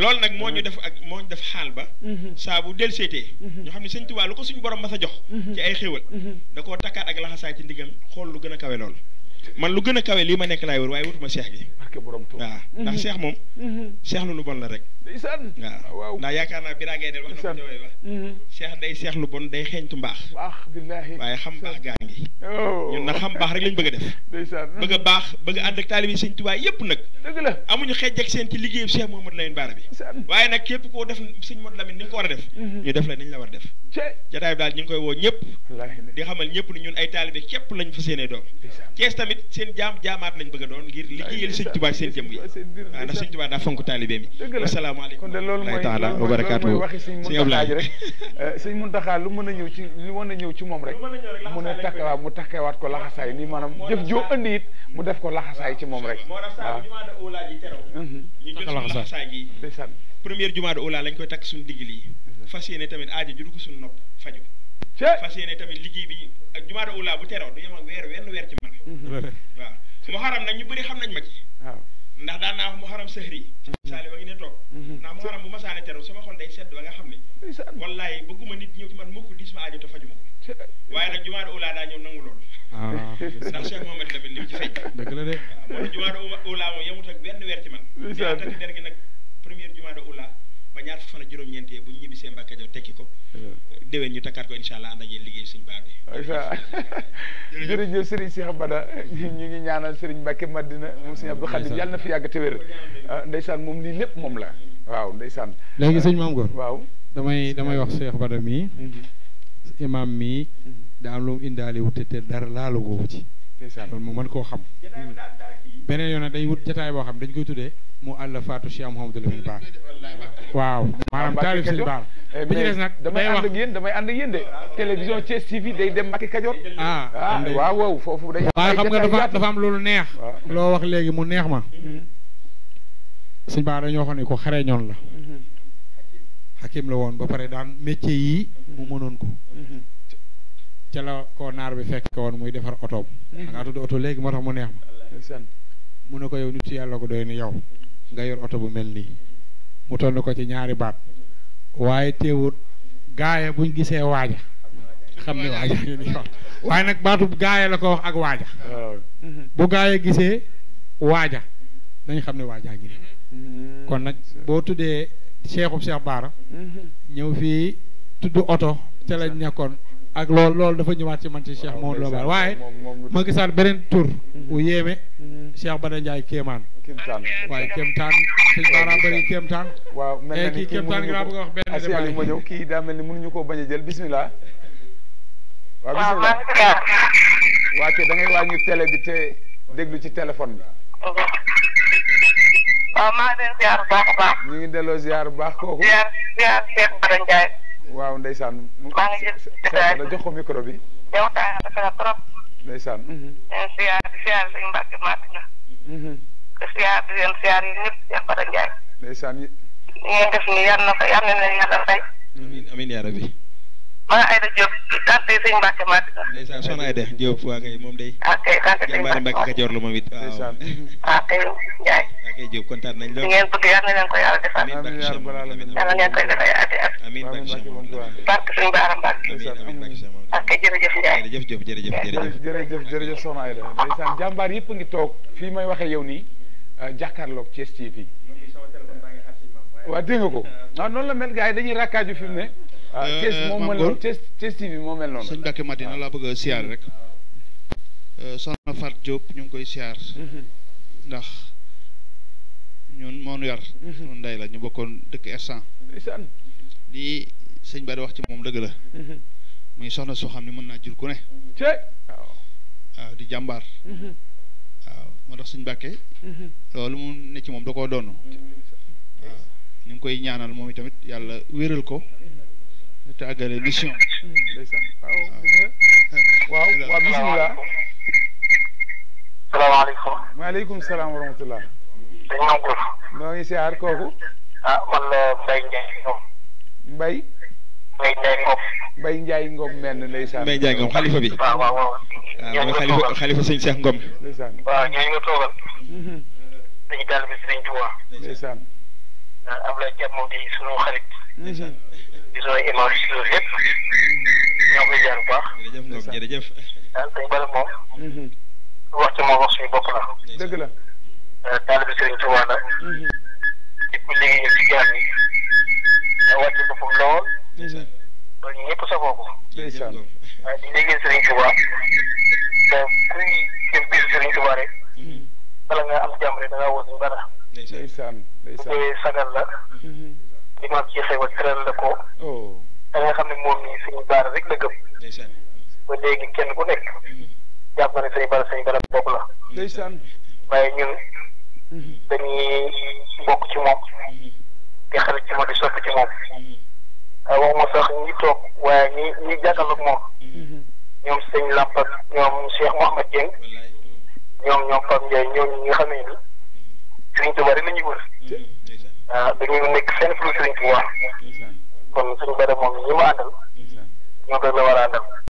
loolu nag moo ñu def ak moo ñu def xaal ba. Mhm. saa bu del seetee. Mhm. xam ne sëñ Tuubaa lu ko suñu borom ma a jox. Mhm. ci ay xéwal. da koo takkaat ak laxasaay ci ndigam xool lu gën a kawe loolu. man lu gën a kawe lii ma nekk laay wër waaye wutuma seex gi. waaw mhm. ndax seex moom. seex mhm. lu lu bon la rek. waaw ndax yaakaar naa biraa ngay del wax na ko jawee ba. seex mhm. day seex lu bon day xeeñtu mbaax. waaye xam mbaax gaa ngi. Oh. ñun nag xam baax rek lañ bëgg a def. bëgg baax bëgg a ànd ak taalibi sëñ Tuubaa yépp nag. dëgg la amuñu xeej ak seen ci liggéeyu seex la Lamine Bara bi. waaye nag képp koo def sëñ Modou Lamine ni nga ko war a def. ñu def la niñ la war a def. jotaay daal ñu ngi koy woo ñëpp di xamal ñëpp ni ñun ay taalibe képp lañ fa séenee doon kees tamit seen jaam jaamaat lañ bëgg a doon ngir liggéeyal sëñ Tuubaa seen jëm yi waaw ndax sëñ Tuubaa daa fonk taalibe mi asalaamaaleykum wa taala wa barakaatu sëñ Ablaye rek eh, sëñ Muntaxa lu mën a ñëw ci lu mën a ñëw ci moom rek mu ne takkawaat mu takkawaat ko laxasaay nii maanaam jëf joo andi it mu def ko laxasaay ci moom rek waaw mhm. ñu jumaa de ola lañ koy takk suñu digg fas yéene tamit aajo ju dugg suñu nopp faju fas ne tamit liggéey bi ak jumaada ulaa bu teroo du yem ak weer wenn weer ci man mm-hmm. ñu bëri xam nañ ma ci waaw ndax daan naa wax muharam sëhri mm-hmm. saali ma ngi ne toog mm-hmm. ndax muharam bu masaane teroo sama xol day sedd nga xam ne wallaay bëgguma nit ñëw man mukk dis ma aajo te faju ma ko waaye nag jumaada ulaa daa ñëw nangu loolu ah. ndax Cheikh Mohamed tamit li mu ci feeñ dëgg la moom yemut ak benn weer ci man takk der gi nag première jumaada ulaa ñaar fukki juróom-ñeent yee bu ñu ñibbisee Mbacke Kajoor tekki ko. Hmm. déwén ñu takkaat ko incha allah ànd ak yéen liggéey suñu baar bi. jërëjëf Serigne Cheikh Bada ñu ngi ñaanal Serigne Mbacke Madina moom Serigne Abdou Khadim yàlla na fi yàgg te wér ah, moom lii lépp moom la waaw ndeysaan. léegi sëñ Maam Góor waaw damay damay wax Cheikh Bada mii. Mhm. imaam mii. Mhm. daa am lu mu indaale wute te dara laalu googu ci ndeysaan mu mën koo xam beneen yoon nag dañ wut jataay boo xam dañ koy tuddee mu àll faatu si Mouhamadou Lamine Baar waaw maanaam taalif sëñ Baar bi nag damay ànd ak damay ànd ak yéen de télévision Thiès TV day dem Mbacké Kajoor ah, ah waaw waaw foofu day waaye xam nga dafa dafa am loolu neex loo wax léegi mu neex ma mm-hmm. sëñ Baar dañoo xam ne ko xaree ñoon la xakim mm-hmm. la woon ba pare daan métier yi mu mënoon ko mm-hmm. ca la ko naar bi fekk woon muy defar otoom da mhm. ngaa tudd oto léegi moo tax mu neex ma mu ne ko yow nit yàlla ko doy ni yow nga yor oto bu mel nii mu toll ko ci ñaari baat waaye teewut gaaya buñ gisee waaja xam ne waaja waaye nag baatu gaaya la ko wax ak waaja mhm. bu gaaya gisee waaja nañ xam ne waajaa ngi mhm. kon nag boo tuddee seexub seex baara ñëw fii tudd oto ca lañ nekkoon ak lool loolu dafa ñëwaat ci man ci Cheikh Mamadou Lo Bara waaye ma gisaat beneen tour mhm. u yéeme mhm. Cheikh Bada Ndiaye Kéemaan waaye Kéemtaan sëñ Baara bëri Kéemtaan waaw mel ki eh, ni Kéemtaan gi bëgg wax benn débat ma ñëw kii daa mel ni mënuñu koo bañ a jël bismillah waaw bismillah waa te da ngay wàññi télé bi te déglu ci téléphone bi waaw maa ngi leen ziar bu baax a baax ñu ngi delloo ziar bu baax kooku ziar ziar Cheikh Bada Ndiaye waaw ndeysaan. maa ngi jox ko micro bi. yow taa rafet na trop. ndeysaan. siyaar di siyaar sëñ Mbacke Madina. te siyaar di leen siyaar yi ñëpp Cheikh Bara Ndiaye. ndeysaan yi. ngeen def nii yar na ko yar na leen yàlla fay. amiin man Aïda Diop tante sëñ Mbacke Mbacke la. ndeysaan soxna Aïda Diop waa kay moom day. ah kay tante sëñ Mbacke Mbacke Kajoor la moom it waaw. ah kay Ndiaye. ah kay Diop kontaan nañ lool. ngeen bëgg yàlla na leen ko yàlla defal. amiin yàlla ngeen koy defal ay ati at. amiin Mbacke Sama barke sëñ Baara Mbacke. amiin Mbacke Sama. ah kay jërëjëf Ndiaye. jërëjëf Diop jërëjëf jërëjëf. jërëjëf jërëjëf soxna Aïda ndeysaan jàmbaar yëpp ngi toog fii may waxee yow nii euh, jàkkaarloog Thiès TV. waa dégg nga ko waaw ah, noonu la mel gars yi dañuy rakkaaju fi mu ne Pangol ah, euh, test test bi mel noonu. sëñ Mbacke Madina laa bëgg a siyaar rek. Euh, soxna Faat Diop ñu ngi koy siyaar. Mm-hmm. ndax ñun moo nu yar. Mm-hmm. bokkoon dëkk instant. lii sëñ Ba di wax ci moom dëgg la. ngi mm-hmm. soxna soo xam ne mën naa jur ku ne. waaw ah, di jàmbaar. waaw ah, moo tax sëñ Mbacke. loolu mu ne ci moom da koo doon. waaw ñu ngi koy ñaanal moom itamit yàlla wéral ko. te àggale mission. waaw waaw bisimilah. salaamaaleykum. maaleykum salaam wa rahmatulah. sëñ Maodo. ñoo ngi siyaar kooku. ah man la Mbaye Ndiaye Ngom. Mbaye. Mbaye Ndiaye Ngom. Mbaye Ndiaye Ngom mel na ndeysaan. Mbaye Ndiaye Ngom xalifa bi. Ah, waaw waaw waaw. Ah, ñooñu nga toogal xalifa sëñ Cheikh Ngom. ndeysaan waaw di a image si loolu yëpp ñoo ngi koy ziar bu baax. jërëjëf Ndao jërëjëf. daal tey bala moom. Mm-hmm. wax ci moom wax suñu bopp la. dëgg la. Euh, taalibe Sëriñ Tuubaa la. Mm-hmm. di ko liggéeyal ci jaam yi. da wàcc boppam lool. ko. incha allah waaye di liggéeyal Sëriñ Tuubaa. te kuy jëf biir Sëriñ Tuubaa rek. Mm-hmm. bala nga am jàmm rek da ngaa woo suñu dara. incha allah bu li ma am ci xewal la ko. Oh. da nga xam ne moom mii suñu baara rek la gëm. ba léegi kenn ku nekk. Hmm. jàpp na ne suñu baara suñu baara bopp la. waaye ñun hmm. dañuy bokk ci moom. Hmm. di xarit ci moom di sopp ci moom. Ah, waxuma sax ñi toog waaye ñi ñi jàkkaarloog moom. ñoom sëñ Lampa ñoom Cheikh Mouhamad Dieng. ñoom ñoom Pape Ndiaye ñooñu ñi nga xam ne nii. Sëriñ Tuubaa rek la ñuy ah dañuy nekk seen fulu Serigne Touba kon suñu bëri moom ñi ma àndal ñoo doon la war a